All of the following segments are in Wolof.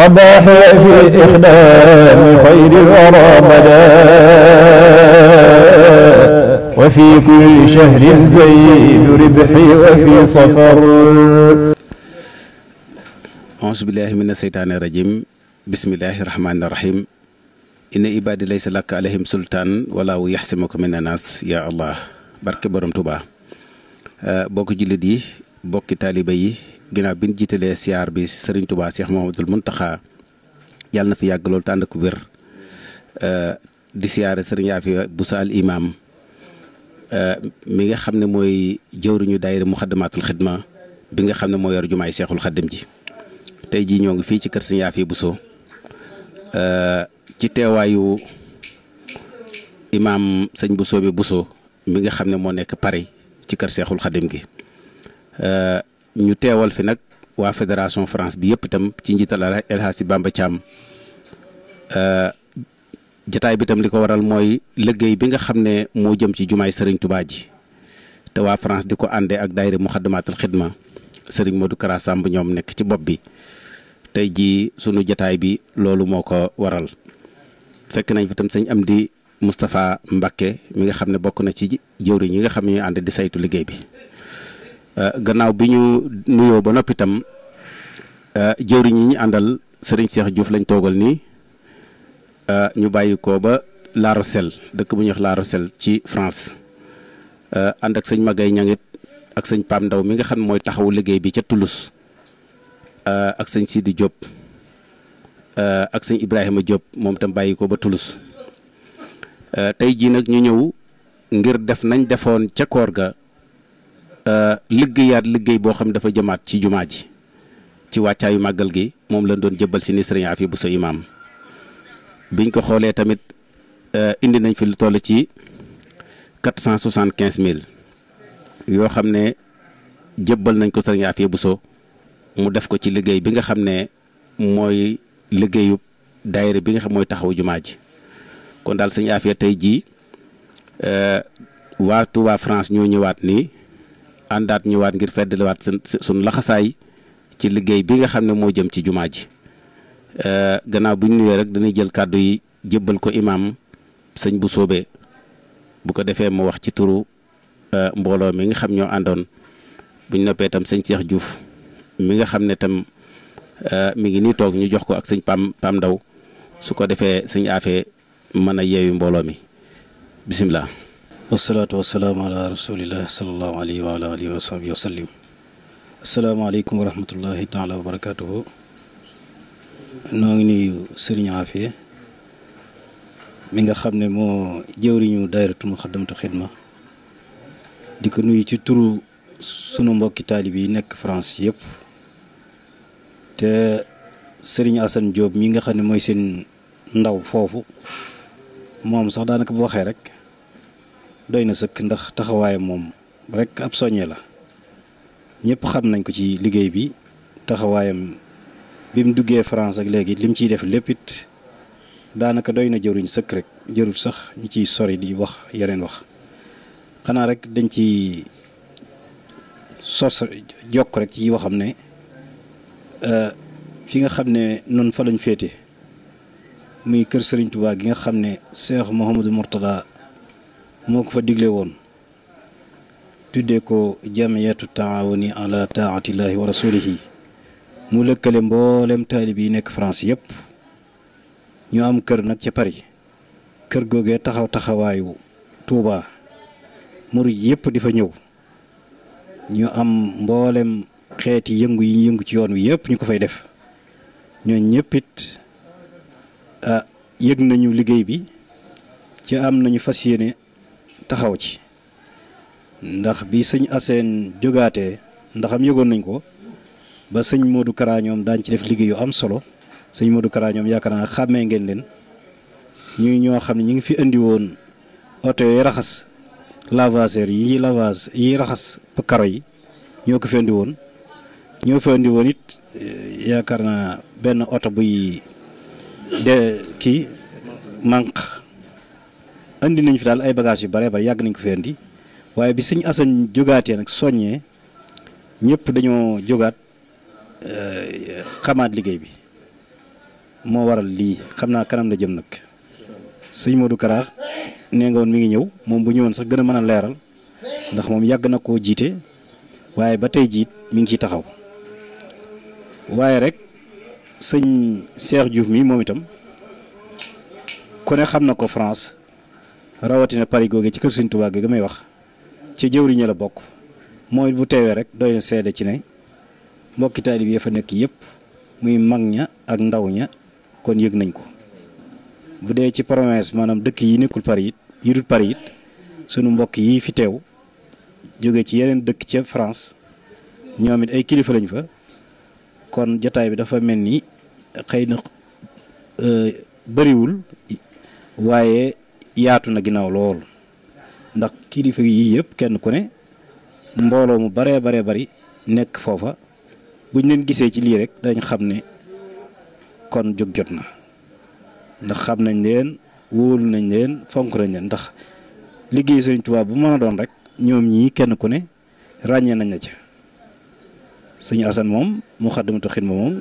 وضاحي في إخدام خير الورى بدا وفي كل شهر زيد ربحي وفي سفر أعوذ بالله من الشيطان الرجيم بسم الله الرحمن الرحيم إن عبادي ليس لك عليهم سلطان ولا يحسمك من الناس يا الله barke borom Tuubaa bokk jullit yi bokki taaliba yi ginaaw bi ñu jiitalee siyaar bi seex moom Cheikh Mouhamadoul taxa yàlla na fi yàgg loolu tànd ak wér euh, di siyaare Serigne Yaafi bu saal imaam euh, mi nga xam ne mooy jëwriñu daayira Muxaddamaatul Xidma bi nga xam ne moo yor jumaay Seexul Xaddim ji tey jii ñoo ngi fii ci kër Serigne Yaafi Bousso euh, ci teewaayu imaam sëñ Bousso bi Bousso mi nga xam ne moo nekk Paris ci kër Seexul Xaddim gi. ñu teewal fi nag waa fédération France bi yëpp itam ci njiital El Hadji Bamba Thiam euh, jataay bi tam li ko waral mooy liggéey bi nga xam ne moo jëm ci jumaay sëriñ tubaa ji te waa France di ko àndee ak daayira Muxaddamaatul Xidma Serigne Modou Kara Samb ñoom nekk ci bopp bi tey jii sunu jataay bi loolu moo ko waral fekk nañ fi tam sëñ di Moustapha Mbacké mi nga xam ne bokk na ci jëwriñ yi nga xam ne ñuy ànd di saytu liggéey bi. Euh, gannaaw bi ñu nuyoo ba noppi itam euh, jëwriñ yi ñu àndal sëriñ Cheikh Diouf lañ toogal nii euh, ñu bàyyi ko ba La Rochelle dëkk bu ñuy wax La Rochelle ci France ànd ak sëñ Magay Ñangit ak sëñ Pam Ndaw mi nga xam mooy taxawu liggéey bi ca Toulouse ak sëñ Sidi Diop ak sëñ Ibrahima Diop moom itam bàyyi ko ba Toulouse tey jii nag ñu ñëw ngir def nañ defoon ca koor ga Euh, liggéeyaat liggéey boo xam dafa jëmaat ci jumaa ji ci wàccaayu màggal gi moom lañ doon jëbbal si nisrin afi bu sa imaam biñ ko xoolee tamit euh, indi nañ fi lu toll ci quatre cent soixante quinze mille yoo xam ne jëbbal nañ ko sëriñ bu Bousso mu def ko ci liggéey bi nga xam ne mooy liggéeyu daayira bi nga xam mooy taxaw jumaa ji kon daal sëriñ Afia tey jii euh, waa Touba France ñoo ñëwaat nii àndaat ñëwaat ngir feddaliwaat sun laxasaay ci liggéey bi nga xam ne moo jëm ci jumaa ji euh, gannaaw bu ñu nuyoo rek dañuy jël kàddu yi jébbal ko imaam sëñ bu soobee bu ko defee mu wax ci turu euh, mbooloo mi nga xam ñoo àndoon buñ ñu noppee tam sëñ Cheikh Diouf mi nga xam ne tam euh, mi ngi nii toog ñu jox ko ak sëñ Pam Ndaw su ko defee sëñ Afe mën a yeewi mbooloo mi bisimilah. wasalaatu wasalaamu ala rasulillah salallahu alayhi wa ala alihi wa sahbi wa sallim noo ngi nuyu sëriñ Afia mi nga xam ne moo jëwriñu daayiratu Muxaddamatul Xidma di ko nuyu ci turu sunu mbokki taalib nekk France yëpp te sëriñ Assane Diop mi nga xam ne mooy seen ndaw foofu moom sax daanaka boo waxee rek doy na sëkk ndax taxawaayam moom rekk ab soññe la ñëpp xam nañ ko ci liggéey bi taxawaayam bi mu duggee France ak léegi lim ciy def lépp it daanaka doy na jëruñ sëkk rek jërul sax ñu ciy sori di wax yeneen wax xanaa rek dañ ci sos jokk rek ci yoo xam ne euh, fi nga xam ne noonu fa lañ féete muy kër Serigne Touba gi nga xam ne Cheikh Mouhamadou Mourtada moo ko fa digle woon tuddee ko jamiyatu taawuni ala taatillahi wa rasulihi mu lëkkale mboolem taalib yi nekk France yëpp ñu am kër nag ca Paris kër googee taxaw taxawaayu Touba murid yëpp di fa ñëw ñu am mboolem xeeti yëngu yi yëngu ci yoon wi yëpp ñu ko fay def ñoo ñëpp ah, yëg nañu liggéey bi ci am nañu fas yéene taxaw ci ndax bi sëñ aseen jógaatee ndaxam am nañ ko ba sëñ Modou Kara ñoom ci def liggéey yu am solo sëñ Modou Kara ñoom yaakaar naa xàmmee ngeen leen ñuy ñoo xam ne ñu ngi fi indi woon oto yi raxas lavageur yi lavage yi raxas karo yi ñoo ko fi indi ñoo fi indi it eh, yaakaar naa benn oto buy de kii manque indi nañ fi daal ay bagages yu bare bare yàgg nañ ko fi andi waaye bi sëñ Assane jógaatee nag soññee ñëpp dañoo jógaat euh, xamaat liggéey bi moo waral lii xam naa kanam la jëm nag sëñ Modou Kara nee nga woon mi ngi ñëw moom bu ñëwoon sax gën a mën a leeral ndax moom yàgg na koo jiite waaye ba tey jiit mu ngi ciy taxaw waaye rek sëñ Cheikh Diouf mi moom itam kone xam na ko France rawatina Paris googe ci kër Sëñ Tuubaa gi may wax ci jëwriña la bokk mooy bu teewee rek doy na seede ci ne mbokki taalib yi fa nekk yëpp muy mag ña ak ndaw ña kon yëg nañ ko bu dee ci province maanaam dëkk yi nekkul Paris it yi dul Paris it sunu mbokk yi fi teew jóge ci yeneen dëkk ca France ñoom it ay kilifa lañu fa kon jataay bi dafa mel ni xëy na euh, bëriwul waaye yaatu na ginnaaw loolu ndax kilifa yii yëpp kenn ku ne mbooloo mu baree baree bari nekk foofa buñ leen gisee ci lii rek dañ xam ne kon jóg jot na ndax xam nañ leen wóolu nañ leen fonk nañ leen ndax liggéey Sëriñ tubaab bu mën a doon rek ñoom ñii kenn ku ne ràññee nañ la ca suñu asan moom mu mu xadd Muxaddamatu Xidma moom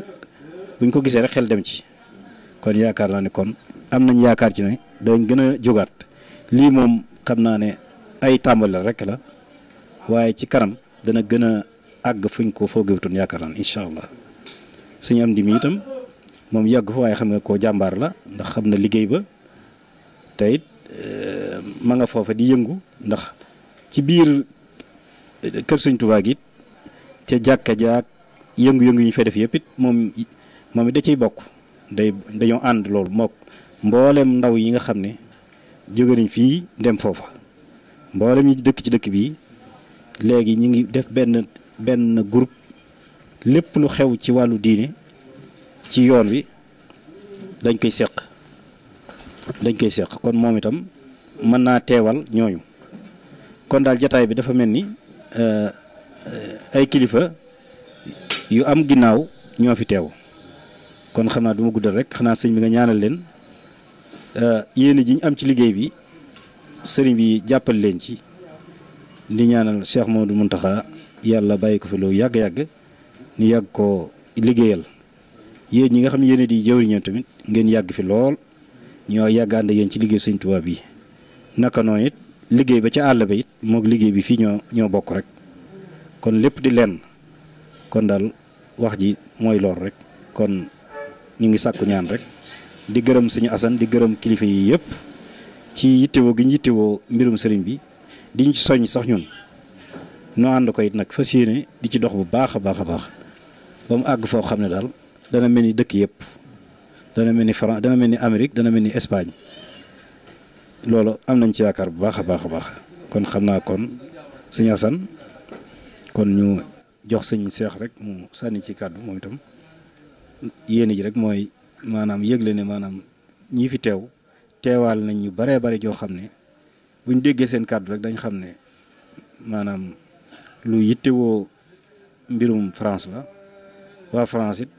buñ ko gisee rek xel dem ci kon yaakaar naa ne kon am nañ yaakaar ci ne dañ gën a jógaat lii moom xam naa ne ay tàmbali rekk la waaye ci kanam dana gën a àgg fuñ ko foogewutoon yaakaar naan incha allah suñu am di itam moom yàgg fa waaye xam nga ko jàmbaar la ndax xam na liggéey ba te it euh, ma nga foofa di yëngu ndax ci biir euh, kër Sëñ Tuubaa gi it ca jàkka jaak yëngu-yëngu yi ñu fay def yëpp it moom it da ciy bokk day dañoo ànd loolu mook mboolem ndaw yi nga xam ne jóge nañ fii dem foofa mboolem yi dëkk ci dëkk bi léegi ñu ngi def benn benn groupe lépp lu xew ci wàllu diine ci yoon wi dañ koy seq dañ koy seq kon moom itam mën naa teewal ñooñu kon daal jataay bi dafa mel ni euh, euh, ay kilifa yu am ginnaaw ñoo fi teew kon xam naa du ma guddal rek xanaa sëñ bi nga ñaanal leen Euh, yéene ji ñu am ci liggéey bi sëriñ bi jàppal leen ci di ñaanal du Modou Mountakha yàlla bàyyi ko fi lu yàgg-yàgg ñu yàgg ko liggéeyal yéen ñi nga xam ne yéen di jëwriñam tamit ngeen yàgg fi lool ñoo yàgg ànd yéen ci liggéey sëñ tubaab yi naka noon it liggéey ba ca àll ba it moog liggéey bi fii ñoo ñoo bokk rek kon lépp di lenn kon daal wax ji mooy lool rek kon ñu ngi sàkku ñaan rek di gërëm suñu asan di gërëm kilifa yi yëpp ci yittewoo gi ñu yittewoo mbirum sëriñ bi di ñu ci soññ sax ñun noo ànd ko it nag fas yéene di ci dox bu baax a baax a baax ba mu àgg foo xam ne daal dana mel ni dëkk yëpp dana mel ni France dana mel ni Amérique dana mel ni Espagne loolu am nañ ci yaakaar bu baax a baax a baax kon xam naa kon suñu asan kon ñu jox sëñ seex rek mu sànni ci kàddu moom itam yéene yi rek mooy. maanaam yëgle ne maanaam ñi fi teew teewaal nañ ñu baree bari joo xam ne buñ déggee seen kàddu rek dañ xam ne maanaam lu yittewoo mbirum France la waa France it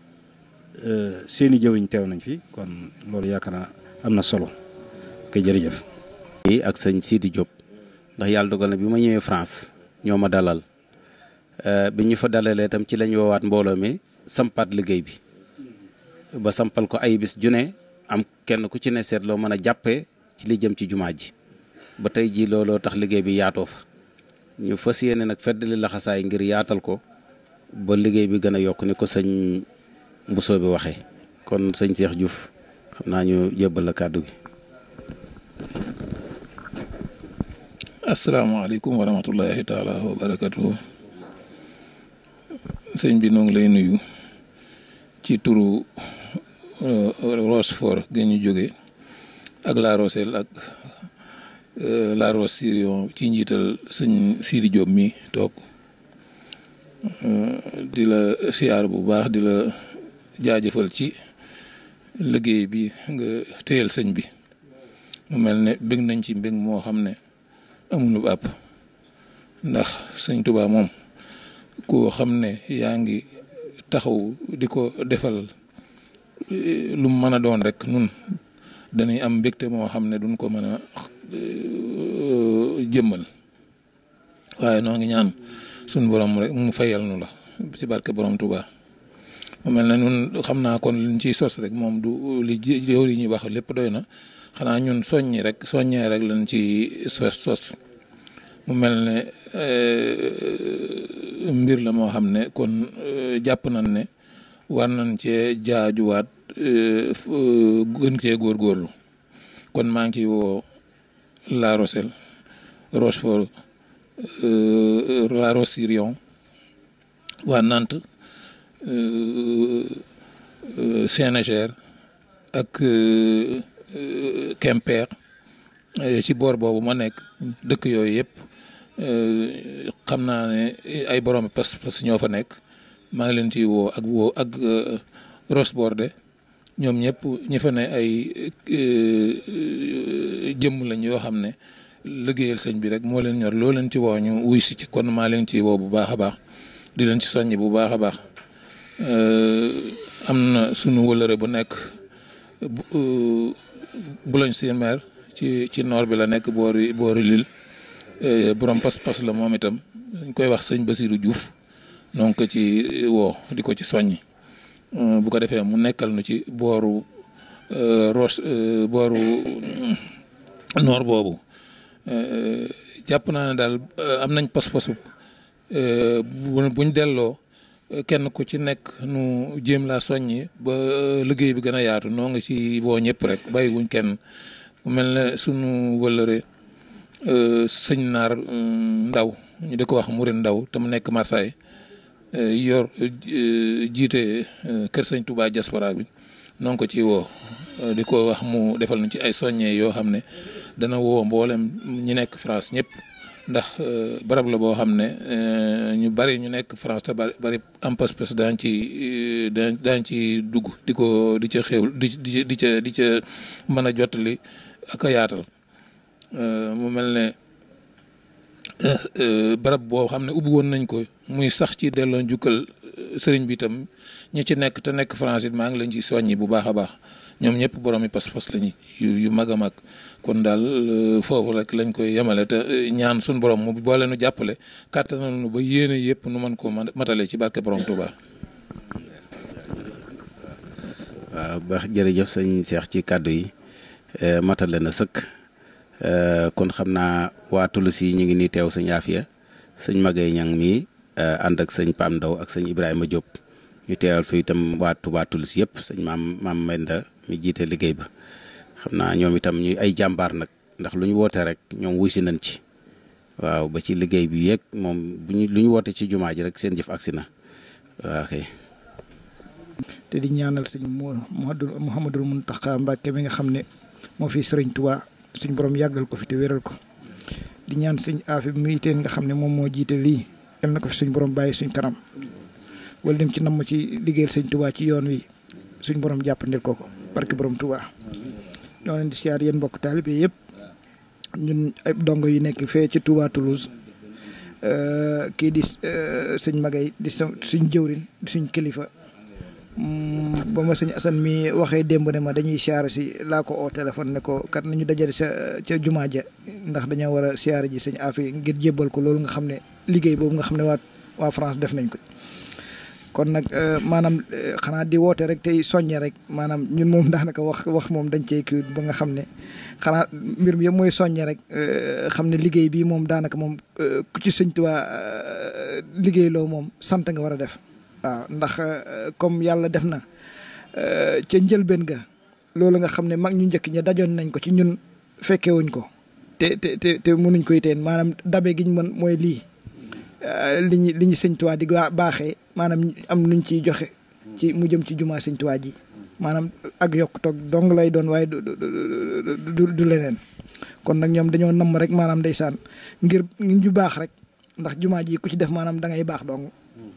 euh, seeni jëwiñ teew nañ fi kon loolu yaakaar naa am na solo ok jërëjëf. ak sëñ Sidi Diop ndax yàlla dogal na bi ma ñëwee France ñoo ma dalal euh, bi ñu fa dalalee itam ci lañ woowaat mbooloo mi sampaat liggéey bi. ba sampal ko ay bis june am kenn ku ci ne loo mën a jàppee ci li jëm ci jumaa ji ba tey jii looloo tax liggéey bi yaatoo fa ñu fas yéene nag feddali laxasaay ngir yaatal ko ba liggéey bi gën a yokk ni ko sëñ mbusoo bi waxee kon sëñ seex Diouf xam naa ñu jébbal la kàddu gi asalaamaaleykum wa rahmatullahi taala sëñ bi noo ngi lay nuyu ci turu Euh, Rochefort ga ñu jóge ak La Rochelle ak euh, La Roche-sur-Yon ci njiital sëñ Sidi Diop mi toog euh, di la siyaar bu baax di la jaajëfal ci liggéey bi nga téyel sëñ bi mu mel ne bëgg nañ ci mbëgg moo xam ne amulu àpp ndax sëñ Tuubaa moom koo xam ne yaa ngi taxaw di ko defal lu mu mën a doon rek nun dañuy am mbégte moo xam ne duñ ko mën a euh, jëmmal waaye noo ngi ñaan suñ borom rek mu fayal nu la ci barke borom Touba mu mel ne ñun xam naa kon liñ ciy sos rek moom du li jëw yi ñuy wax lépp doy na xanaa ñun soññi rek soññee rek lañ ci sos mu mel ne euh, mbir la moo xam ne kon euh, jàpp nañ ne war nañ cee jaajuwaat euh, gën cee góorgóorlu kon maa ngi ciy woo La Rochelle Rochefort euh, La Roche-sur-Yon waa Nantes euh, Saint-Nazaire ak Quimper ci boor boobu ma nekk dëkk yooyu yëpp xam naa ne ay borom pas-pas ñoo fa nekk. maa ngi leen ci woo ak woo ak euh, Ross Bordé ñoom ñëpp ñi fa ne ay euh, euh, jëmm lañu yoo xam ne liggéeyal sëñ bi rek moo leen ñor loo leen ci woo ñu wuy si ci kon maa leen ciy woo bu baax a baax di leen ci soññ bu baax a baax am na sunu wëlëre bu nekk Boulogne-sur-Mer ci ci nord bi la nekk boori boori Lille borom pas-pas la moom itam dañ koy wax sëñ Basirou Diouf donc ci woo di ko ci soññi euh, bu ko defee mu nekkal nu ci booru euh, roche euh, booru noor boobu jàpp naa ne daal am nañ pos-posu buñ delloo kenn ku ci nekk nu jéem laa soññi ba liggéey bi gën a yaatu noo ci woo ñëpp rek bàyyiwuñ kenn bu mel ne sunu wëllëre sëñ naar ndaw ñu di ko wax murin ndaw te mu nekk Marseille Eh, yor eh, jiite eh, Kër Sëñ Touba diaspora bi ci woo di ko wax mu defal nañ ci ay soññee yoo xam ne dana woo mboolem ñu nekk France ñëpp ndax barab la boo xam ne ñu bari ñu nekk France te bari bari am pas-pas daan ci daan ci dugg di ko di ca xew di di ca di ca mën a jottali ak a yaatal mu mel ne barab boo xam ne ubbi woon nañ ko muy sax ci delloo njukkal euh, sëriñ bi itam ñi ci nekk te nekk France it maa ngi lañ ci soññi bu baax a baax ñoom ñëpp borom yi pas-pas lañu yu yu mag a mag kon daal euh, foofu rek lañ koy yemale te euh, ñaan suñu borom mu boole nu jàppale kàttanal nu ba yéene yëpp nu mën koo matale ci barke borom Touba. waaw baax jërëjëf sëñ Cheikh ci kàddu yi matale na sëkk kon xam naa waa tulus ñu ngi nii teew sëñ Afia sëñ Magay ñang mii Euh, ànd ak sëñ Pam Ndaw ak sëñ Ibrahima Diop ñu teewal fi itam waa tubaatul si yëpp sañ maam maam Menda mi jiite liggéey ba xam naa ñoom itam ñu ay jàmbaar nag ndax lu ñu woote rek ñoom wuy si nañ ci waaw ba ci liggéey bi yeeg moom bu ñu lu ñu woote ci jumaa ji rek seen jëf agsi na waaw kay te di ñaanal sëñ Mouhamadul Mountakha Mbacké bi nga xam ne moo fi sëriñ Touba suñ borom yàggal ko fi te wéral ko di ñaan sëñ Afib mi teen nga xam ne moom moo yal na ko fi suñ borom bàyyi suñ kanam wala lim ci namm ci liggéey sëñ Touba ci yoon wi suñ borom jàpp ko ko barke borom Touba. ñoo leen yéen mbokk taalibe yëpp ñun ay dongo yu nekk fee ci Touba Toulouse kii di sëñ Magay di suñ jëwrin di suñ kilifa. Mm, ba suñ sëñ mi waxee démb ne ma dañuy siyaar si laa ko oo téléphone ne ko kat nañu dajale sa ca jumaa ja ndax dañoo war a siyaar ji sëñ Afi ngir jébbal ko loolu nga xam ne liggéey boobu nga xam ne waa waa France def nañ ko kon nag euh, maanaam euh, xanaa di woote rek tey soññe rek maanaam ñun moom daanaka wax wax moom dañ cee kii ba nga xam ne xanaa mbir mi yëpp mooy soññe rek euh, xam ne liggéey bii moom daanaka moom ku ci sëñ Tuubaa liggéey loo moom sant nga war a def. waaw ndax comme yàlla def na ca njëlbeen ga loolu nga xam ne mag ñu njëkk ña dajoon nañ ko ci ñun fekkewuñ ko te te te te mënuñ koy teen maanaam dabe gi mën mooy lii. Euh, li ñu li ñu sëñ Tuubaa di baaxee maanaam am nuñ ciy joxe ci mu jëm ci jumaa sëñ Tuubaa ji maanaam ak yokk toog dong lay doon waaye du du du leneen kon nag ñoom dañoo namm rek maanaam ndeysaan ngir ñu baax rek ndax jumaa ji ku ci def maanaam da ngay baax dong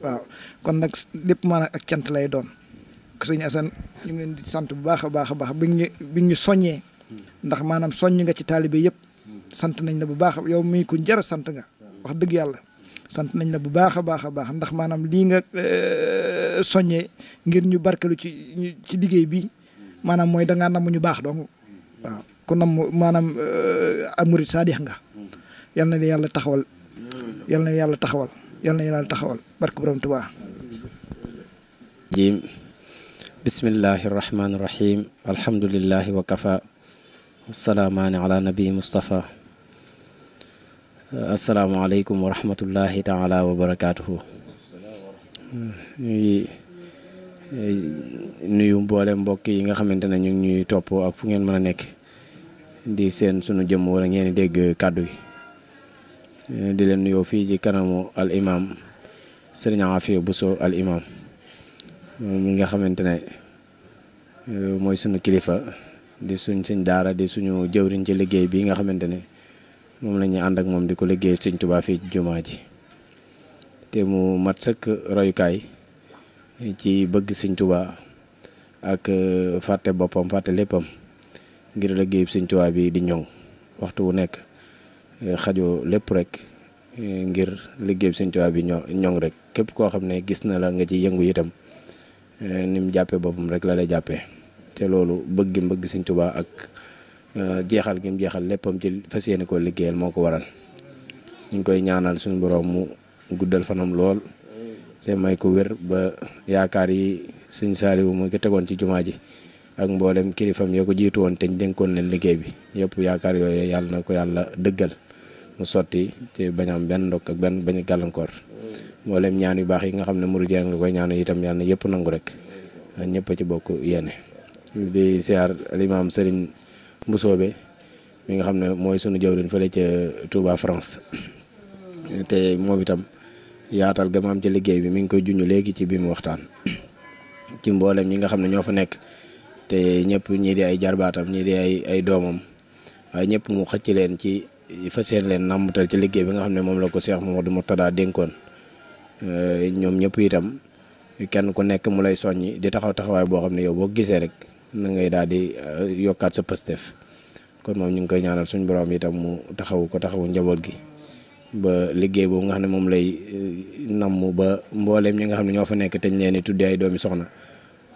waaw kon nag lépp maanaam ak cant lay doon sëñ Asan ñu ngi leen di sant bu baax a baax baax bi ñu bi ñu soññee ndax maanaam soññ nga ci taalibe yëpp sant nañ la bu baax yow muy ku jar sant nga wax dëgg yàlla sant nañ la bu baax a baax a baax ndax maanaam lii nga euh, soññee ngir ñu barkelu ci ci liggéey bi maanaam mooy da ngaa namm ñu baax dong waaw nam namm maanaam euh, amurit saadix nga yal na yàlla taxawal yal na yàlla taxawal yal na yàlla taxawal barke borom Tuubaa jim bismillahi rahmaani rahim alhamdulillahi wa kafa wasalaamaani ala asalaamaaleykum wa rahmatullahi taala wa barakaatuhu ñuy eh, nuyu mboole mbokk yi nga xamante ne ñu ngi ñuy topp ak fu ngeen mën a nekk di seen sunu jëmm wala ngeen dégg kàddu yi eh, di leen nuyoo fii ci kanamu al imaam sëriñ Afia Bousso al nga xamante ne eh, mooy sunu kilifa di suñ suñ daara di suñu jëwriñ ci liggéey bi nga xamante ne. moom lañuy ànd ak moom di ko liggéey Sëñ Tuubaa fii jumaa ji te mu mat sëkk royukaay ci bëgg Sëñ Tuubaa ak euh, fàtte boppam fàtte léppam ngir liggéey Sëñ Tuubaa bi di ñëw waxtu wu nekk euh, xajoo lépp rek euh, ngir liggéey Sëñ Tuubaa bi ñoŋ rek képp koo xam ne gis na la nga ci yëngu itam ni mu jàppee boppam rek la lay jàppee te loolu bëgg mbëgg Sëñ Tuubaa ak Euh, jeexal gi mu jeexal léppam ci fa yéene koo liggéeyal moo ko waral ñu ngi koy ñaanal suñu boroom mu guddal fanam lool te may ko wér ba yaakaar yi sëñ Saaliwu moo ko tegoon ci jumaa ji ak mboolem kilifam yoo ko jiitu woon te ñu dénkoon leen liggéey bi yëpp yaakaar yooyu yàlla na ko yàlla dëggal mu sotti te bañ am benn ndokk ak benn bañ gàllankoor mboolem ñaan yu baax yi nga xam ne murid nga koy ñaan itam yàlla na yëpp nangu rek ñëpp ci bokk yéene di siyaar Mbusoobe mi nga xam ne mooy sunu jawriñ fële ca Touba France te moom itam yaatal ga mu am ci liggéey bi mi ngi koy junj léegi ci bi mu waxtaan ci mboolem ñi nga xam ne ñoo fa nekk te ñëpp ñii di ay jarbaatam ñii de ay ay doomam waaye ñëpp mu xëcc leen ci fa seen leen nàmmutal ci liggéey bi nga xam ne moom la ko Cheikh ma Mourtada dénkoon ñoom ñëpp itam kenn ku nekk mu lay soññi di taxaw taxawaay boo xam ne yow boo gisee rek na ngay daal di euh, yokkaat sa pastef kon moom ñu ngi koy ñaanal suñu borom itam mu taxawu ko taxawu njaboot gi ba liggéey boobu nga xam ne moom lay euh, namm ba mbooleem ñi nga xam ne ñoo fa nekk te ñu leen ni tuddee ay doomi soxna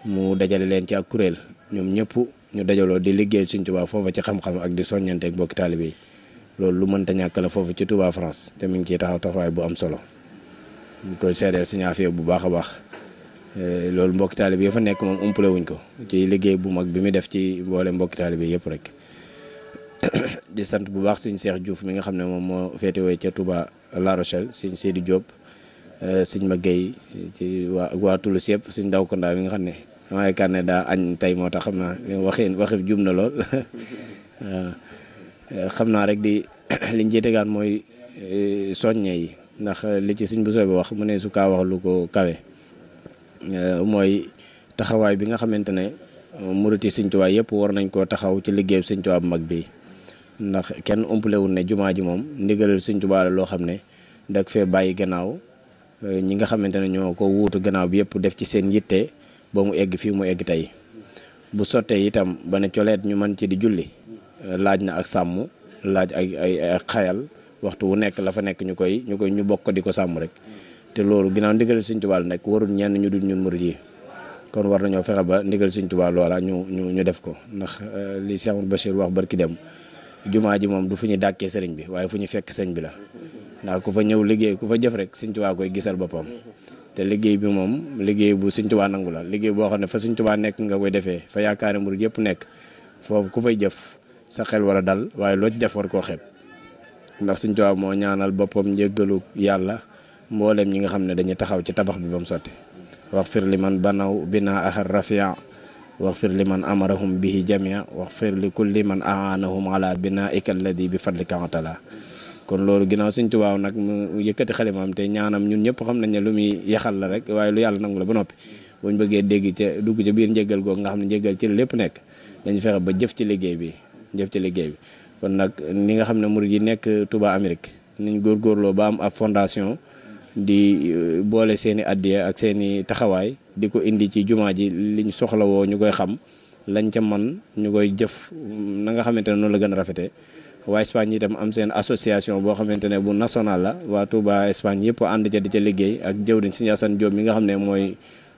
mu dajale leen ci ak kuréel ñoom ñëpp ñu dajaloo di liggéey suñ Tuubaa foofa ci xam-xam ak di soññante ak bokki taalibe yi loolu lu mënta ñàkk la foofu ci tubaa France te mi ngi ciy taxaw taxawaay bu am solo ñu koy seedeel Sëñ bu baax a baax Eh, loolu mbokki taalibe yi fa nekk moom umpale wuñ ko ci liggéey bu mag bi mu def ci mboole mbokki taalibe yëpp rek di sant bu baax sëñ Cheikh Diouf mi nga xam ne moom moo féetewee ca Touba La Rochelle sëñ Seydou Diop eh, sëñ Maguèye ci waa waa Toulouse yëpp sëñ Ndaw Kondaa nga xam ne dama ne daa añ tey moo tax xam naa waxi waxi jum na lool eh, xam naa rek di liñ ciy tegaan mooy soññe yi ndax li ci sëñ bu sooy bi wax mu ne su kaa wax lu ko kawe Euh, mooy taxawaay bi nga xamante ne euh, muriti Sëñ Tuubaa yëpp war nañ koo taxaw ci liggéey Sëñ bu mag bi ndax kenn umpalewul ne jumaa ji moom ndigalal Sëñ Tuubaa loo xam ne dak fee bàyyi gannaaw euh, ñi nga xamante ne ñoo ko wuutu gannaaw bi yëpp def ci seen yitte ba mu egg fii mu egg tey bu sottee itam ba ne coleet ñu mën ci di julli laaj na ak sàmm laaj ak ay xayal waxtu wu nekk la fa nekk ñu koy ñu koy ñu bokk di ko sàmm rek te loolu ginnaaw ndigal Sëñ Tuubaa nekk warul ñenn ñu dul ñun murid yi kon war nañoo fexe ba ndigal Sëñ Tuubaa loola ñu ñu ñu def ko ndax euh, li Cheikh Bachir wax barki dem jumaa ji moom du fu ñu dàkkee sëriñ bi waaye fu ñu fekk sëñ bi la ndax ku fa ñëw liggéey ku fa jëf rek Sëñ koy gisal boppam te liggéey bi moom liggéey bu Sëñ Tuubaa nangu la liggéey boo xam ne fa Sëñ Tuubaa nekk nga koy defee fa yaakaari murid yëpp nekk foofu ku fay jëf sa xel war a dal waaye loo ci def war koo xeeb ndax Sëñ Tuubaa moo ñaanal boppam njëggalu yàlla mbooleem ñi nga xam ne dañuy taxaw ci tabax bi ba mu sotti wax fir li man banaw bina ahar rafia wax fir li man amarahum bihi jamia wax fir li kulli man aanahum ala bina ika alladi bi fadlika taala kon loolu ginnaaw suñ tubaaw nag mu yëkkati xalimaam te ñaanam ñun ñëpp xam nañ ne lu muy yaxal la rek waaye lu yàlla nangu la ba noppi buñ bëggee dégg dugg ca biir njëgal googu nga xam ne njëgal ci lépp nekk dañu fexe ba jëf ci liggéey bi jëf ci liggéey bi kon nag ni nga xam ne murid yi nekk Touba Amérique niñ góorgóorloo ba am ab fondation di euh, boole seen i addiya ak seen i taxawaay di ko indi ci jumaa ji liñ woo ñu koy xam lañ ca man ñu koy jëf mm, na nga xamante ne noonu la gën a rafetee waa Espagne itam am seen association boo xamante ne bu national la waa Touba Espagne yëpp ànd ca di ca liggéey ak jëwriñ Sëriñ Asan Jóob mi nga xam ne mooy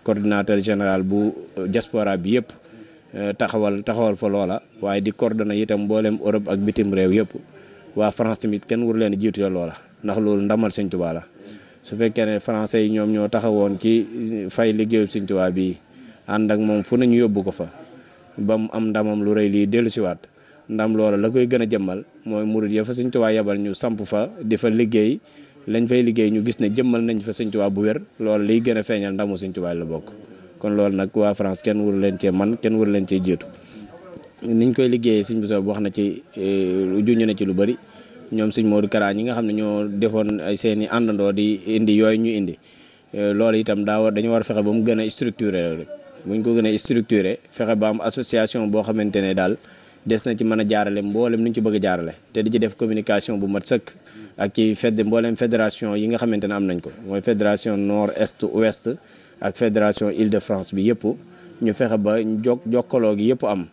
coordinateur général bu euh, diaspora bi yëpp euh, taxawal taxawal fa loola waaye di coordonné itam mboolem Europe ak bitim réew yëpp waa France tamit kenn waru leen jiitu loola ndax loolu ndamal Sëriñ su fekkee ne français yi ñoom ñoo taxawoon ci fay liggéeyu Sëñ Tuubaa bii ànd ak moom fu nañu yóbbu ko fa ba mu am ndamam lu rëy lii dellu siwaat ndam loola la koy gën a jëmmal mooy murid ya fa Sëñ Tuubaa yabal ñu samp fa di fa liggéey lañ fay liggéey ñu gis ne jëmmal nañ fa Sëñ Tuubaa bu wér loolu liy gën a feeñal ndamu Sëñ Tuubaa la bokk kon loolu nag waa France kenn waru leen cee man kenn waru leen cee jiitu niñ koy liggéeyee Sëñ Bousso wax na ci eh, juñu ci lu bari ñoom sëñ Modou Kara ñi nga xam ne ñoo defoon ay seen i àndandoo di indi yooyu ñu indi euh, loolu itam daa war dañu war a fexe ba mu gën a structuré rek ñu ko gën a structuré fexe ba am association boo xamante ne daal des na ci mën a jaarale mboolem lu ñu ci bëgg a jaarale te di ci def communication bu mat sëkk ak ci fed mboolem fédération yi nga xamante ne am nañ ko mooy fédération nord est ouest ak fédération Île de France bi yëpp ñu fexe ba jok jokkaloo gi yëpp am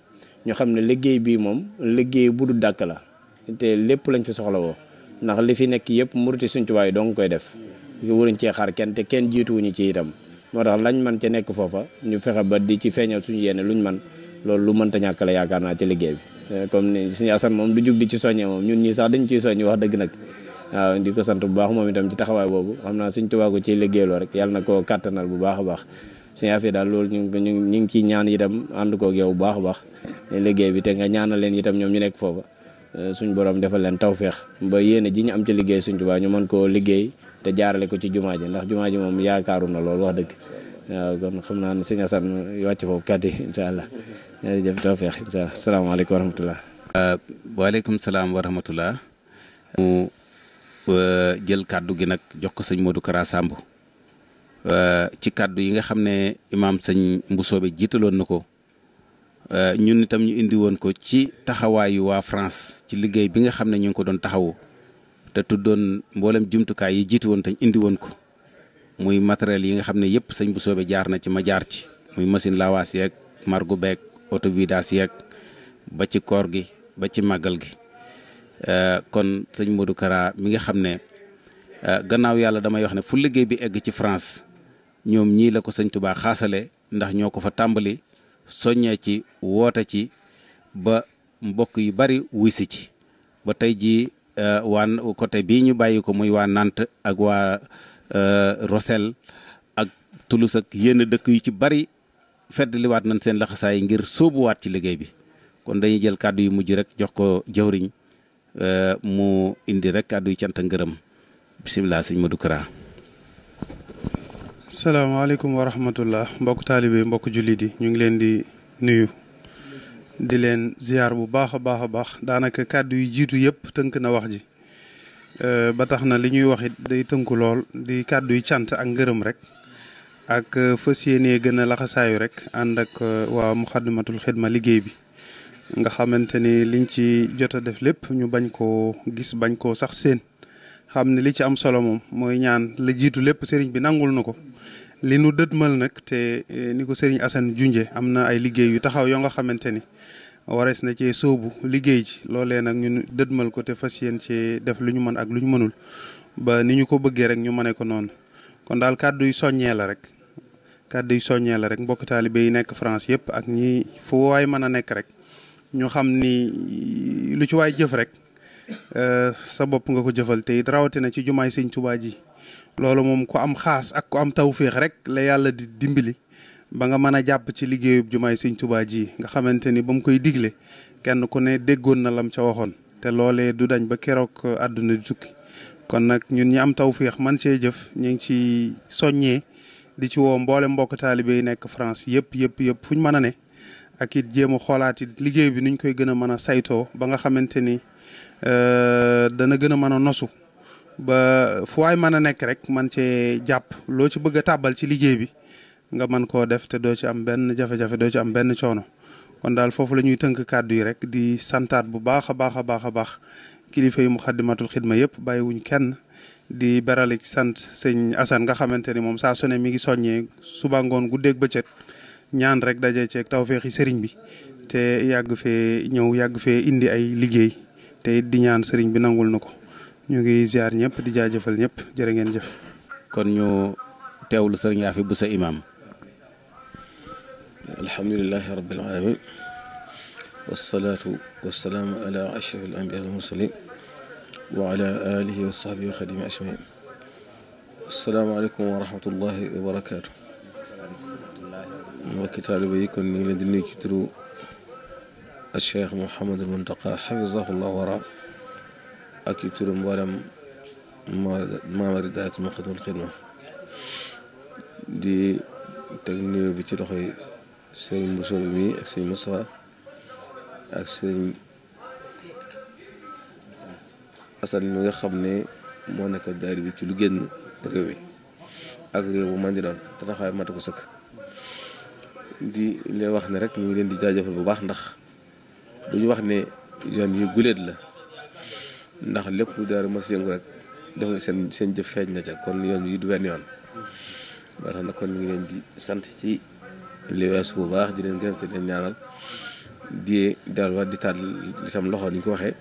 ñu xam ne liggéey bii moom liggéey bu dàkk la te lépp lañ fi soxlawoo ndax li fi nekk yëpp murti suñ tubaay doo nga koy def waruñ cee xaar kenn te kenn jiituwuñu ci itam moo tax lañ man ca nekk foofa ñu fexe ba di ci feeñal suñu yéene luñ man loolu lu mënta ñàkk la yaakaar naa ci liggéey bi eh, comme ni suñu asan moom du jug di ci soññee moom ñun ñii sax dañ ciy soññ wax dëgg nag waaw di ko sant bu baax moom itam ci taxawaay boobu xam naa suñ tubaa ko ciy liggéeyloo rek yàlla na koo kattanal bu baax a baax suñu affaire daal loolu ñu ñu ngi ciy ñaan itam ànd koog yow bu baax a baax liggéey bi te nga ñaanal leen itam ñoom ñu nekk foofa Euh, suñ borom defal leen tawféex ba yéene ji ñu am ci liggéey suñ Tuubaa ñu mën koo liggéey te jaarale ko ci jumaa ji ndax jumaa ji moom yaakaaru na lool wax dëgg waaw kon xam naa ne sëñ Assane wàcc foofu kàddu yi incha allah jërëjëf tawféex incha allah salaamaaleykum waaleykum salaam wa rahmatulah. Uh, jël kàddu gi nag jox ko sëñ Modou Kara Samb uh, ci kàddu yi nga xam ne imaam sëñ Mbusoobe jiitaloon na ko. Euh, ñun itam ñu indi woon ko ci taxawaayu waa France ci liggéey bi nga xam ne ñu ngi ko doon taxawu te tuddoon mboolem jumtukaay yi jiitu woon te indi woon ko muy matériel yi nga xam ne yëpp sañ bu soobee jaar na ci ma jaar ci muy machine lawaas yeeg margu beeg auto vidas yeeg ba ci koor gi ba ci màggal gi euh, kon sëñ Modou Kara mi nga xam ne euh, gannaaw yàlla damay wax ne fu liggéey bi egg ci France ñoom ñii la ko sëñ Touba xaasale ndax ñoo ko fa tàmbali soññee ci woote ci ba mbokk yu bari wisi ci ba tey jii euh, waa côté bii ñu bàyyi ko muy waa nant ak waa euh, Rossel ak Toulouse ak yenn dëkk yu ci bari feddliwaat nañ seen laxasaay ngir sóobuwaat ci liggéey bi kon dañuy jël kàddu yu mujj rek jox ko jëwriñ euh, mu indi rek kàddu yu cant ngërëm bisimilah sëñ Modou Kara salaamaaleykum wa rahmatullah mbokk taalibe mbokk jullit yi ñu ngi leen di nuyu di leen ziar bu baax a baax a baax daanaka kàddu yu jiitu yëpp tënk na wax ji euh, ba tax na li ñuy wax it day tënku lool di kàddu yu cant ak ngërëm rek ak euh, fës yéenee gën a laxasaayu rek ànd ak euh, waa muxaddamatul xidma liggéey bi nga xamante ni liñ ci jot a def lépp ñu bañ koo gis bañ koo sax seen xam ne li ci am solo moom mooy ñaan la jiitu lépp sëriñ bi nangul na ko li nu dëdmal nag te eh, ni ko Serigne Assane junje am na ay liggéey yu taxaw yoo nga xamante ni warees na cee sóobu liggéey ji loolee nag ñun dëdmal ko te fas yéen ci def lu ñu mën ak lu ñu mënul ba ni ñu ko bëggee rek ñu mëne ko noonu kon daal kàddu yu soññee rek kàddu yu soññee la rek mbokk taalibe yi nekk France yëpp ak ñi fu waay mën a nekk rek ñu xam ni lu ci waay jëf rek eh, sa bopp nga ko jëfal te it rawatina ci jumaay Sëñ Tuubaa ji loolu moom ku am xaas ak ku am taw tawféex rek la yàlla di dimbali ba nga mën a jàpp ci liggéeyub jumaay sëñ Tuubaa ji nga xamante ni ba mu koy digle kenn ku ne déggoon na lam ca waxoon te loolee du dañ ba keroog àdduna di kon nag ñun ñi am taw tawféex man cee jëf ñu ngi ci soññee di ci woo mboole mbokk taalibe yi nekk France yëpp yëpp yëpp fu mën a ne ak it jéem a xoolaat liggéey bi nuñ koy gën a mën a saytoo ba nga xamante ni euh, dana gën a mën a nosu ba fu waay mën a nekk rek man cee jàpp loo ci bëgg a tàbbal ci liggéey bi nga mën koo def te doo ci am benn jafe-jafe doo ci am benn coono kon daal foofu la ñuy tënk kàddu yi rek di santaat bu baax a baax a baax a baax kilifa yu Muxaddamatul Xidma yëpp bàyyiwuñ kenn di beralik sant sëñ Assane nga xamante ni moom saa su mi ngi soññee suba ngoon ba bëccëg ñaan rek daje ceeg tawféexi sëriñ bi te yàgg fee ñëw yàgg fee indi ay liggéey te it di ñaan sëriñ bi nangul na ko. ñu ngi ziar ñëpp di jaajëfal ñëpp jërë ngeen jëf. kon ñu teewlu sëriñ Afi bu sa imaam. alhamdulilahi rabbil alamin wasalaatu wasalaamu ala ashraf al anbiya al mursalin wa ala alihi wa sahbihi wa xadimi ajmain asalaamaaleykum wa rahmatullahi wa barakaatu mbokki taaliba yi kon ñu ngi leen di nuyu ci turu al cheikh Mouhamadul Muntaqa xafizahu llah wara ak ci turu mboolem maamari daayira Muxaddamatul Xidma di teg nuyoo bi ci loxoy sëñ Moussa mii ak sëñ Moustapha ak sëñ Assane mi nga xam ne moo nekk daayira bi ci lu génn réew mi ak réew bu man di doon te taxawaay ko sëkk di leen wax ne rek ñu ngi leen di jaajëfal bu baax ndax duñu wax ne yoon yu guleet la ndax lépp lu daara mos yëngu rek def nga seen seen jëf feeñ na ca kon yoon yi du wenn yoon ba tax na kon ñu ngi leen di sant ci li weesu bu baax di leen gërëm te di ñaanal di daal wax di taal itam loxo ni ñu ko waxee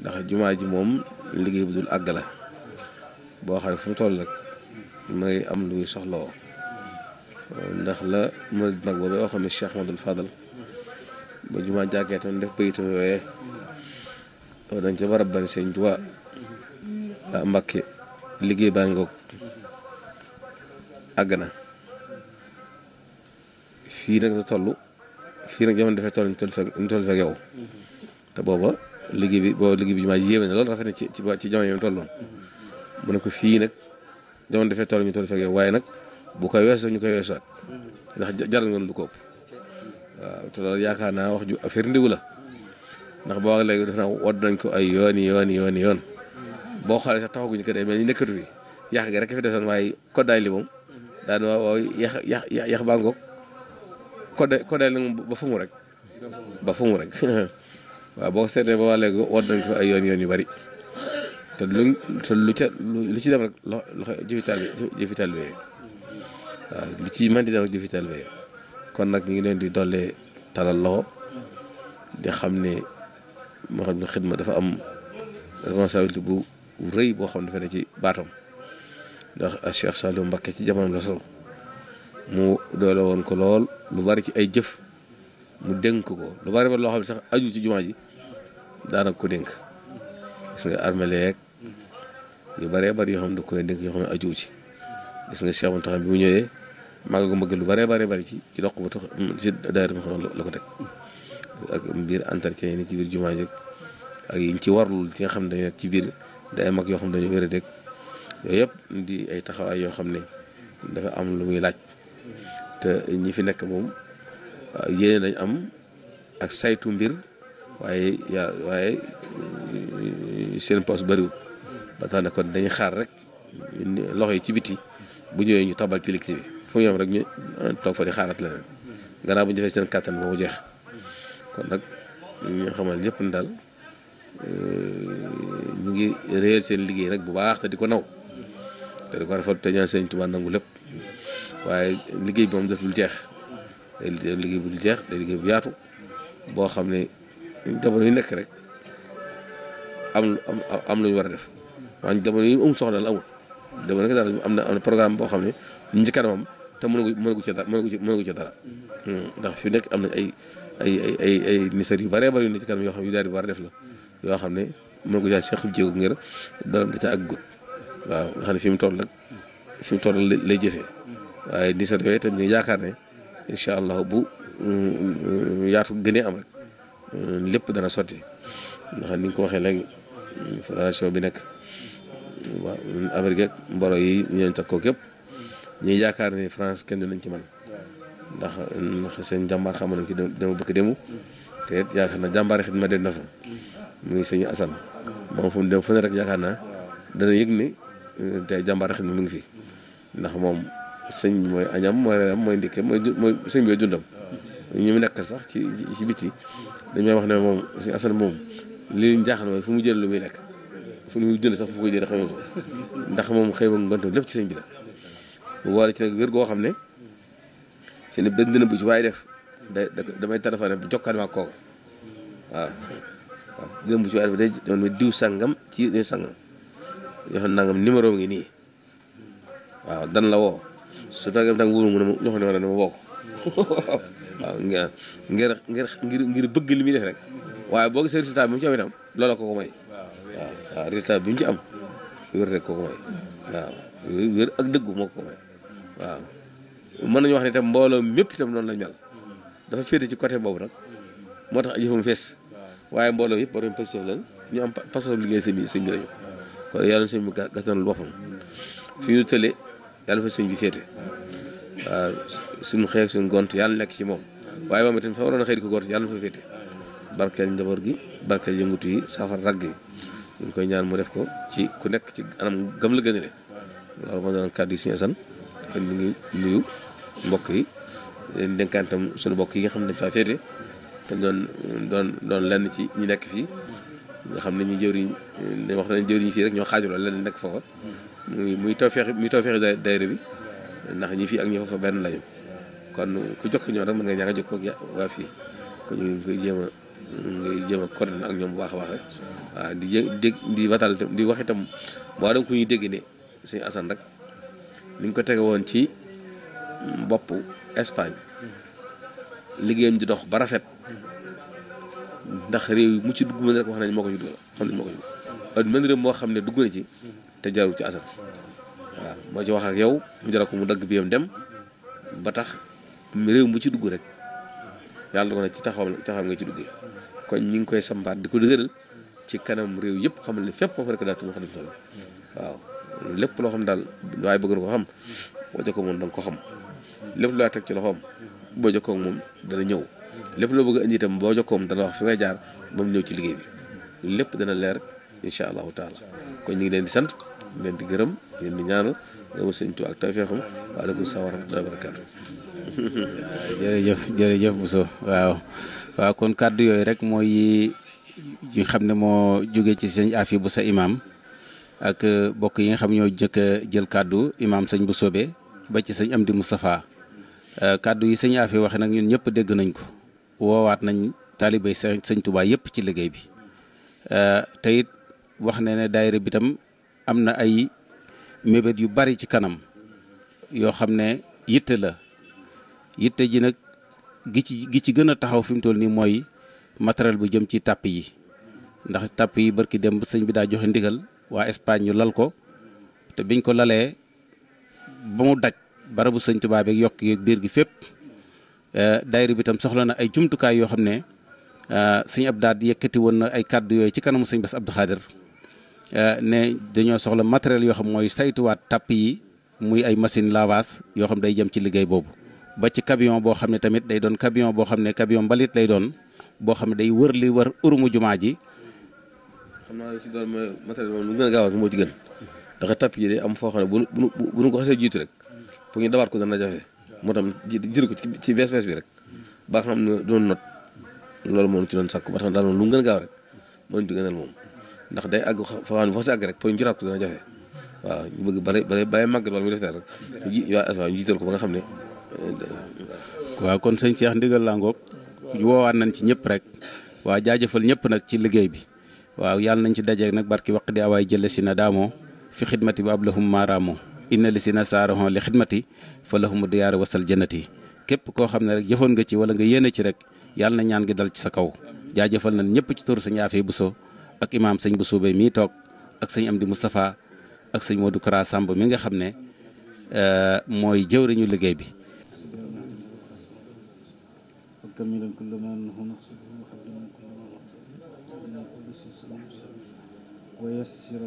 ndax jumaa ji moom liggéey bu dul àgg la boo xam ne fu mu toll rek may am luy soxlawoo ndax la murid mag boobu xam ne Cheikh Madul Fadal ba jumaa jàkkee tam def bayitam yooyee loolu dañ ci war a bari sëñ Tuubaa waa Mbàkke liggéey baa ngoog àgg na fii nag la toll fii nag jamono dafay toll ñu toll fekk ñu toll fekk yow te booba liggéey bi booba liggéey bi jumaa ji na loolu rafet na ci ci jamono yi mu tolloon mu ne ko fii nag jamono dafay toll ñu toll fekk yow waaye nag bu koy weesoo ñu koy weesuwaat jaral ngeen lu ko waaw te loolu yaakaar naa wax ju ndiwu la ndax boo léegi def na wadd nañ ko ay yoon yoon yoon yoon boo xoolee sax taxaguñu ko day mel ni nekkatu fi yax gi rek fi desoon waaye koddaay li moom daan waaw waaw yax yax yax baa ngoog koddaay koddaay ba fu mu rek ba fumu rek waaw boo seetee ba wax léegi wadd nañ ay yoon yoon yu bari te lu lu ca lu ci dem rek lo loxo jëfital bi jëfital bi waaw lu ci mën di dem rek jëfital bi kon nag ñu ngi leen di dollee talal loxo di xam ne moo xam ne xidma dafa am responsabilité bu rëy boo xam ne dafa ne ci baatam ndax Cheikh Saliou Mbacké ci jamono la solo mu doole woon ko lool lu bari ci ay jëf mu dénk ko lu bari ba loo xam ne sax aju ci jumaa ji daanaka ko dénk gis nga armée leeg yu bëree bëri yoo xam ne da koy dénk yoo xam ne aju ci gis nga Cheikh Mountakha bi mu ñëwee màggal ko mbëgg lu bëree bari bari ci ci dox bu tax ci daayira la ko teg ak biir entretien yi ne ci biir jumaa ji ak yiñ ci warlul ci nga xam ne dañu ci biir day mag yoo xam ne dañu wér a dëkk yooyu yëpp di ay taxawaay yoo xam ne dafa am lu muy laaj te ñi fi nekk moom ah, yéene dañ am ak saytu mbir waaye waaye eh, seen poos bëriwul ba tax na ko dañuy xaar rek loxo yi ci biti bu ñëwee ñu tabal ci liggéey bi fu rek ñu eh, toog fa di xaarat leneen gannaaw bu ñu defee seen kàttan ba jeex kon nag ñu xamal ñëpp ni daal euh, ñu ngi réer seen liggéey rek bu baax te di ko naw te di ko rafet te ñaan sëñ Tuubaa nangu lépp waaye liggéey bi moom daf jeex day liggéey bu jeex liggéey bu yaatu boo xam ne jamono yu nekk rek am am am lu ñu war a def waaye jamono yi um soxla la amul. jamono nekk daal am na am na programme boo xam ne ñu ngi ci kanamam te mënagu mënagu ca dara mënagu ca dara hmm, ndax fi nekk am na ay. ay ay ay ay nisar yu bëree bëri yu ne yoo xam ne yu daal di war def yoo xam ne mën ko jaa seq bu jéego ngir dara da ca àggut waaw nga xam ne fi mu toll nag fi mu toll lay jëfee waaye nisar yooyu itam ñu yaakaar ne incha allah bu mm, yaatu gënee am rek mm, lépp dana sotti ndax ni nga ko waxee léegi fédération bi nekk waaw Amérique mbooloo yi ñooñu takk ko képp ñuy yaakaar ne France kenn du ci man ndax seen jàmbaar xam nañ ci dama bëgg demu te it yaakaar naa jàmbaar xit ma dem na fa muy sëñ Assane moom fu mu dem fu ne rek yaakaar naa dana yëg ni euh, tey jàmbaar mu ngi fi ndax moom sëñ bi mooy añam mooy reeram mooy ndikkee mooy ñu mu nekk sax ci ci biti dañu wax ne moom sëñ Assane moom li njaaxal mooy fu mu jël lu muy lekk fu muy dund sax fu ko jëlee xamee ko ndax moom xëy ba ngoonte lépp ci sëñ la wala ci nag wér goo xam ne seen i benn dina bu ci waaye def day damay téléphoné bu jokkaan maa kooku waaw waaw dina bu ci waaye def day diw sangam ci diw sangam yoo nangam numéro ngi nii waaw dan la woo su toogee tam wóoru mu ne ma jox numéro ngir bëgg li muy def rek waaye boo gisee résultat bi mu ci am loola ko ko waaw waaw résultat bi mu ci am wér rek ko waaw wér ak dëggu moo ko mën nañu wax ne tam mbooloo mépp tam noonu lañ mel dafa féete ci côté boobu nag moo tax jëfam fees waaye mbooloo yëpp borom positif lañ ñu am passeport liggéey sëñ bi sëñ bi lañu kon yàlla sëñ bi gàttanul boppam fi tële yàlla fa sëñ bi féete waaw suñu xeex suñu gont yàlla nekk ci moom waaye moom itam fa waroon ko gont yàlla fa féete barkeel njaboot gi barkeel yëngutu yi saafara ragg yi ñu koy ñaan mu def ko ci ku nekk ci anam gam la gën a loolu moo doon kàddu yi suñu asan kon ñu ngi nuyu mbokk yi leen dénkaan tam suñu mbokk yi nga xam ne dañ faa féete te doon doon doon lenn ci ñu nekk fii nga xam ne ñu jëwriñ wax nañ jëwriñ fii rek ñoo xaajuloo lenn nekk foofa muy muy tawfeex muy tawfeex daayira bi ndax ñi fii ak ñi foofa benn lañu kon ku jokk ñoo rek mën nga ñàkk a jokkoo ak waa fii kon ñu ngi koy jéem a a coordonné ak ñoom bu waax a baax rek waaw di jë di watal di wax itam boo da nga ko ñuy dégg ne suñu asan rek ni ñu ko tege woon ci bopp Espagne liggéeyam di dox ba rafet ndax réew mu ci dugg mën rek wax nañ moo ko ci dugal xam nañ moo ko réew moo xam ne dugg na ci te jarul ci asal waaw ci wax ak yow mu ko mu dagg biyam dem ba tax réew mu ci dugg rek yàlla ko ne ci taxawam taxawam nga ci duggee kon ñi ngi koy sambaat di ko dëgëral ci kanam réew yëpp xam ni fépp foofu rek daal tuma xadim solo waaw lépp loo xam daal waaye bëgg na ko xam wacce ko moom da nga ko xam lépp lu laa teg ci loxoom boo jokkoo ak moom dana ñëw lépp loo bëgg a indi itam boo jokkoo dana wax fi may jaar moom ñëw ci liggéey bi lépp dana leer incha allahu taala kon ñu ngi leen di sant ñu leen di gërëm ñu leen di ñaanal dama sëñ tu ak tawfeexam waaleykum waaw kon kàddu yooyu rek mooy yi xam ne moo jóge ci sëñ Afi bu sa imaam ak euh, bokk yi nga xam ñoo jëkk a jël kàddu imaam sañ bu sobe ba ci sëñ Amdi Moustapha Euh, kàddu yi sëñ Afia waxee nag ñun ñëpp dégg nañ ko woowaat nañ taalibay sëñ Touba yëpp ci liggéey bi euh, te it wax na ne daayira bi tam am na ay mébét yu bari ci kanam yoo xam ne yitte la yitte ji nag gi ci gi ci gën a taxaw fi mu toll nii mooy matériel bu jëm ci tàpp yi ndax tàpp yi barki dem sëñ bi daa joxe ndigal waa Espagne ñu lal ko te biñ ko lalee ba mu daj barabu sëñ Tuubaa beeg yokk yeeg biir gi fépp eh, daayira bi tam soxla na ay jumtukaay yoo xam ne sëñ ab daal yëkkati woon na ay kàddu yooyu ci kanamu sëñ Bass Abdou Khadir eh, ne dañoo soxla matériel yoo xam mooy saytuwaat tàpp muy ay machine lavage yoo xam day jëm ci liggéey boobu ba ci camion boo xam ne tamit day doon camion boo xam ne camion mbalit lay doon boo xam ne day wër li wër urumu jumaa ji xam naa ci doon matériel moom lu gën a moo ci gën ndax tàpp yi am foo xam ne bu bu bu ko xasee jiitu rek pour ñu dawaat ko dana jafe moo tam jël ko ci bees bees bi rek ba nga xam ne doon not loolu moom ci doon sàkku ba tax daal moom lu mu gën a gaaw rek moo ñu gënal ndax day àgg fa foo si àgg rek pour ñu jëlaat ko dana jafe waaw ñu bëgg bare màgg wala mu def daal rek waaw ñu jiital ko ba nga xam ne waaw kon sëñ Cheikh ndigal laa ngoog woowaat nañ ci ñëpp rek waa jaajëfal ñëpp nag ci liggéey bi waaw yàlla nañ ci dajeeg nag barki waq di awaay jële si na daamoo fi xidmati bi ab lahum maaraamoo inna si na saarahon li xidmati fa lahumu diyaar wasal jannati képp koo xam ne rek jëfoon nga ci wala nga yenn ci rek yàlla na ñaan gi dal ci sa kaw jaajëfal na ñëpp ci tur sëñ Afee Buso ak imaam bu Buso Bay mii toog ak sëñ Amdi Moustapha ak sëñ Modou Kara Samb mi nga xam ne euh, mooy jëwriñu liggéey bi ويسرا